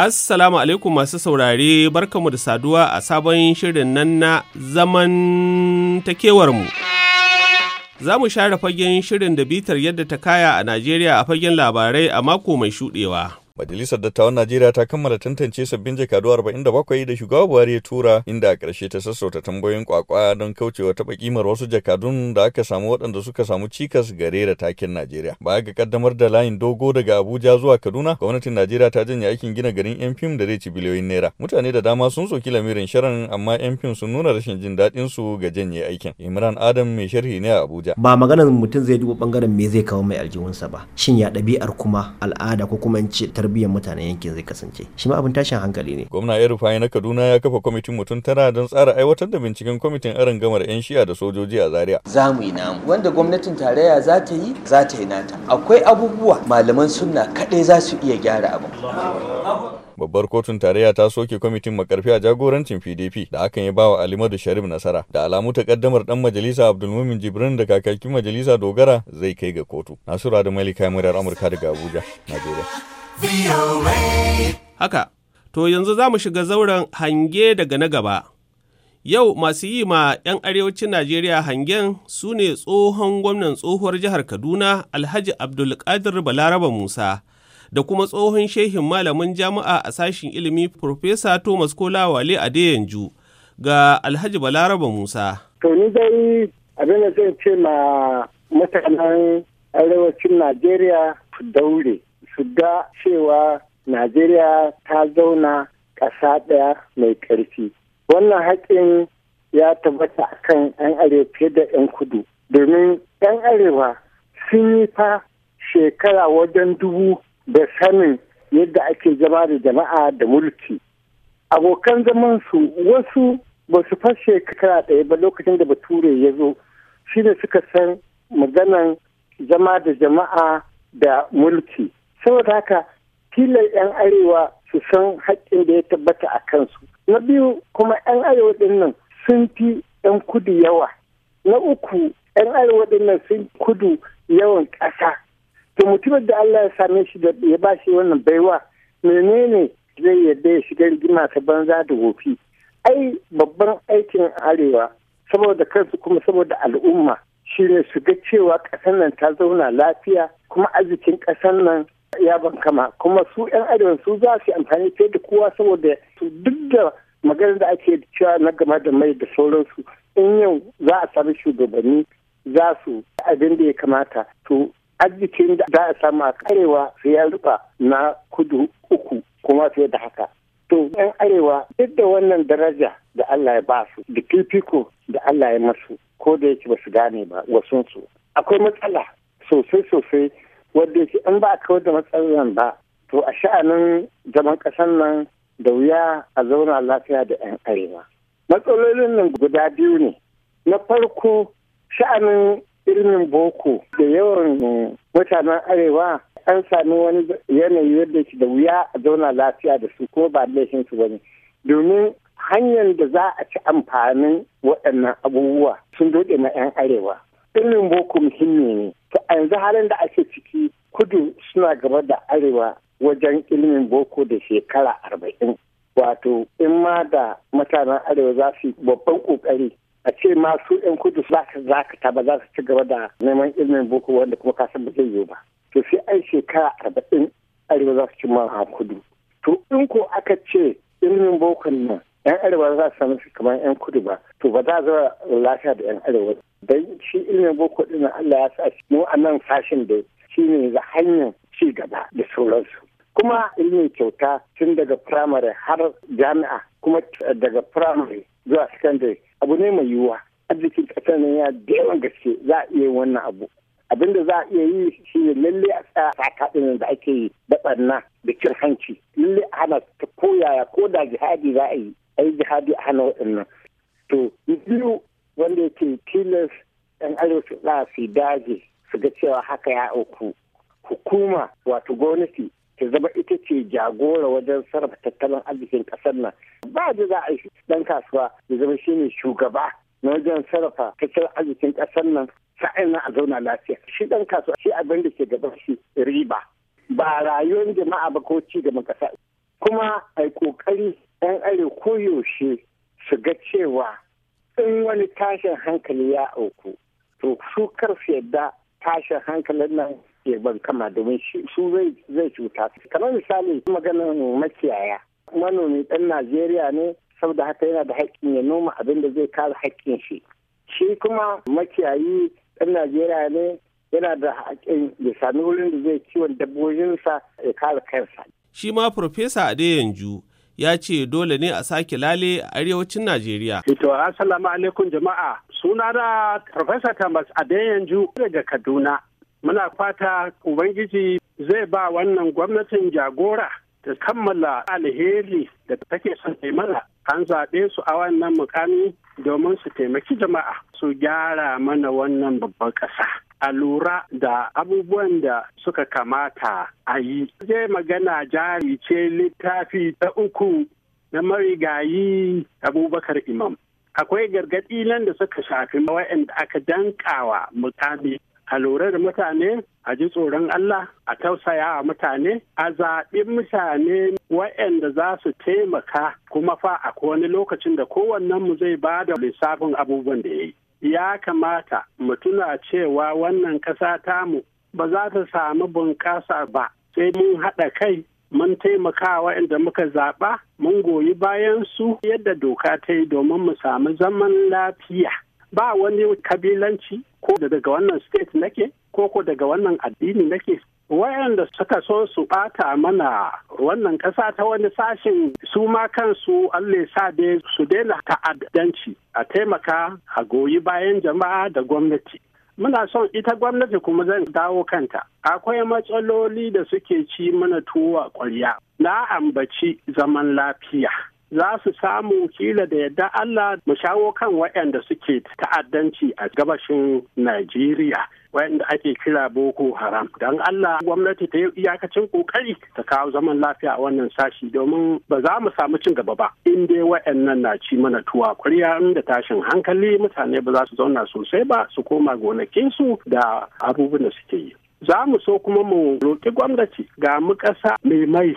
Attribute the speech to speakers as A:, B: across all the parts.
A: Assalamu alaikum masu saurare barkamu da saduwa a sabon shirin nan na zaman takewarmu. Za mu share fagen shirin da bitar yadda ta kaya a Najeriya a fagen labarai a mako mai shuɗewa.
B: Majalisar Dattawan Najeriya ta kammala tantance sabbin jakadu 47 da shugaba Buhari ya tura inda a ƙarshe ta sassauta tambayoyin kwakwa don kaucewa taɓa kimar wasu jakadun da aka samu waɗanda suka samu cikas gare da takin Najeriya. Baya ga kaddamar da layin dogo daga Abuja zuwa Kaduna, gwamnatin Najeriya ta janye aikin gina garin yan fim da zai ci biliyoyin naira. Mutane da dama sun soki lamirin shirin amma yan fim sun nuna rashin jin daɗin su ga janye aikin. Imran Adam mai sharhi ne a Abuja. Ba maganar
A: mutum zai duba bangaren me zai kawo mai aljihunsa ba. Shin ya ɗabi'ar kuma al'ada ko kuma in ce biyan mutanen yankin zai kasance shi ma abin tashin hankali ne
B: gwamna ya rufayi na kaduna ya kafa kwamitin mutum tara don tsara aiwatar da binciken kwamitin aron gamar yan shiya da sojoji a zaria za mu yi namu wanda gwamnatin tarayya za ta yi za ta yi nata akwai abubuwa malaman sunna kaɗai za su iya gyara abu babbar kotun tarayya ta soke kwamitin makarfi a jagorancin pdp da hakan ya bawa alimadu sharif nasara da alamu ta takaddamar dan majalisa abdulmumin jibrin da kakakin majalisa dogara zai kai ga kotu nasura da malika muryar amurka daga abuja nigeria
A: haka to yanzu za mu shiga zauren hange daga na gaba Yau masu yi ma 'yan arewacin Najeriya hangen su ne tsohon gwamnan tsohuwar jihar Kaduna Alhaji Abdulkadir Balaraba Musa da kuma tsohon shehin malamin jami'a a sashen ilimi Profesa Thomas Kola Wale Adeyanju ga Alhaji Balaraba Musa.
C: To ni dai abin da zan ce ma mutanen arewacin Najeriya su daure su ga cewa Najeriya ta zauna ƙasa ɗaya mai ƙarfi. Wannan haƙƙin ya tabbata kan 'yan arewa fiye da 'yan kudu domin 'yan arewa sun yi fa shekara wajen dubu da sanin yadda ake zama da jama'a da mulki abokan zaman su wasu ba su fashe kakara ɗaya ba lokacin da bature ya zo shi ne suka san maganan zama da jama'a da mulki saboda haka filar 'yan arewa su san haƙƙin da ya tabbata a kansu na biyu kuma 'yan arewa ɗinnan sun fi 'yan kudu yawa na uku 'yan arewa ɗinnan nan sun kudu yawan ƙasa to mutumin da Allah ya same shi da ya ba shi wannan baiwa menene zai yadda ya shiga rigima ta banza da wofi ai babban aikin arewa saboda kansu kuma saboda al'umma shi ne su ga cewa ƙasar nan ta zauna lafiya kuma arzikin ƙasar nan ya bankama kuma su 'yan arewa su za su amfani ta da kowa saboda su duk da maganar da ake cewa na game da mai da sauransu in yau za a sami shugabanni za su abin da ya kamata to arzikin da za a sama a karewa ya rufa na kudu uku kuma fiye da haka to yan arewa duk da wannan daraja da Allah ya ba su da fifiko da Allah ya masu ko da yake ba su gane ba wasunsu akwai matsala sosai sosai wadda yake in ba a kawar da matsalar ba to a sha'anin zaman ƙasar nan da wuya a zauna lafiya da 'yan arewa matsalolin nan guda biyu ne na farko sha'anin ilmin boko da yawan mutanen arewa an sami wani yanayi yadda da wuya a zauna lafiya da su ko ba laifin su bane domin hanyar da za a ci amfanin waɗannan abubuwa sun dode na 'yan arewa ilmin boko muhimmi ne ta yanzu halin da ake ciki kudu suna gaba da arewa wajen ilimin boko da shekara arba'in wato in ma da mutanen arewa za su yi babban kokari a ce masu 'yan kudu za ka zakata ba za su ci gaba da neman ilimin boko wanda kuma ka san ba zai yiwu ba to sai ai shekara arba'in arewa za su ci ma kudu to in ko aka ce ilimin boko nan 'yan arewa za su sami kamar 'yan kudu ba to ba za zara lafiya da 'yan arewa dan shi ilimin boko din Allah ya sa mu a nan sashen da shi ne za hanyar ci gaba da sauransu kuma ilmin kyauta tun daga firamare har jami'a kuma daga firamare zuwa sakandare abu ne mai yiwuwa arzikin ƙasar nan ya da yawan gaske za a iya wannan abu abin da za a iya yi shi ne lalle a tsaya tsakaɗin da ake yi da ɓarna da cin hanci lalle hana ta koyaya ko da jihadi za a yi a yi jihadi a hana waɗannan to biyu wanda yake tilas yan arewa su daji su ga cewa haka ya auku hukuma wato gwamnati ta zama ita ce jagora wajen sarrafa tattalin arzikin kasar nan ba da za a yi dan kasuwa ya zama ne shugaba na wajen sarrafa tattalin arzikin kasar nan sa'in a zauna lafiya shi dan kasuwa shi abin da ke da shi riba ba rayuwar jama'a ba ko ci gaban kasa kuma a yi yan ɗan are koyaushe su ga cewa in wani tashin hankali ya auku to su karfe da tashin hankalin nan ya ban kama domin su zai cuta kamar misali maganin makiyaya manomi ɗan najeriya ne saboda haka yana da haƙƙin ya noma abin da zai kare haƙƙin shi shi kuma makiyayi ɗan najeriya ne yana da haƙƙin ya sami wurin da zai kiwon dabbobinsa ya kare kansa
A: shi ma farfesa adeyanju ya ce dole ne a sake lale a arewacin najeriya
D: Ito, assalamu alaikum jama'a suna da farfesa Thomas adeyanju daga kaduna muna fata ubangiji zai ba wannan gwamnatin jagora ta kammala alheri da take son mana an zaɓe su a wannan mukami domin su taimaki jama'a su gyara mana wannan babban ƙasa a lura da abubuwan da suka kamata a yi zai magana jari ce littafi ta uku na marigayi abubakar imam akwai gargaɗi nan da suka shafi da aka dankawa mukami a lura da mutane a ji tsoron Allah a tausaya a mutane a zaɓi mutane waɗanda za su taimaka kuma fa a wani lokacin da kowannen mu zai ba da lissafin abubuwan da ya yi ya kamata mu tuna cewa wannan ƙasa mu ba za ta samu bunƙasa ba sai mun haɗa kai mun taimaka waɗanda muka zaɓa mun goyi bayan su yadda doka ta yi domin mu samu zaman lafiya ba wani kabilanci ko daga wannan state nake ko ko daga wannan addini nake wayanda suka so su bata mana wannan kasa ta wani sashen su ma kansu Allah sa da su daina ta'addanci a taimaka a goyi bayan jama'a da gwamnati muna son ita gwamnati kuma zan dawo kanta akwai matsaloli da suke ci mana tuwa kwarya na ambaci zaman lafiya za su samu kila da yadda Allah mu shawo kan waɗanda suke ta'addanci a gabashin Najeriya. wayanda ake kira boko haram don allah gwamnati ta yi iyakacin kokari ta kawo zaman lafiya a wannan sashi domin ba za mu samu cin gaba ba in dai wayannan na ci mana tuwa kwarya da tashin hankali mutane ba za su zauna sosai ba su koma gonakinsu da abubuwan da suke yi za mu so kuma mu roƙi gwamnati ga mu ƙasa mai mai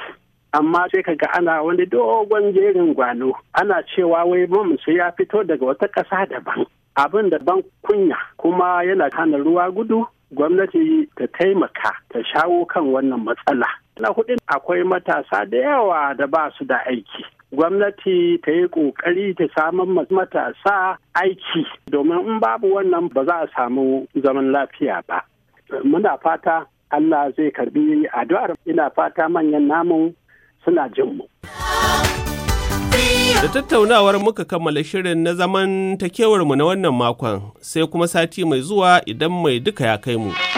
D: amma sai ka ga ana wani dogon jerin gwano ana cewa wai su ya fito daga wata ƙasa daban abin da ban kunya kuma yana kana ruwa gudu gwamnati ta taimaka ta shawo kan wannan matsala na hudu akwai matasa da yawa da ba su da aiki gwamnati ta yi ƙoƙari ta samun matasa aiki domin in babu wannan ba za a samu zaman lafiya ba muna fata Allah zai karbi addu'ar ina fata manyan namun suna jin mu.
A: Da tattaunawar muka kammala shirin na zaman takewarmu na wannan makon sai kuma sati mai zuwa idan mai duka ya kai mu.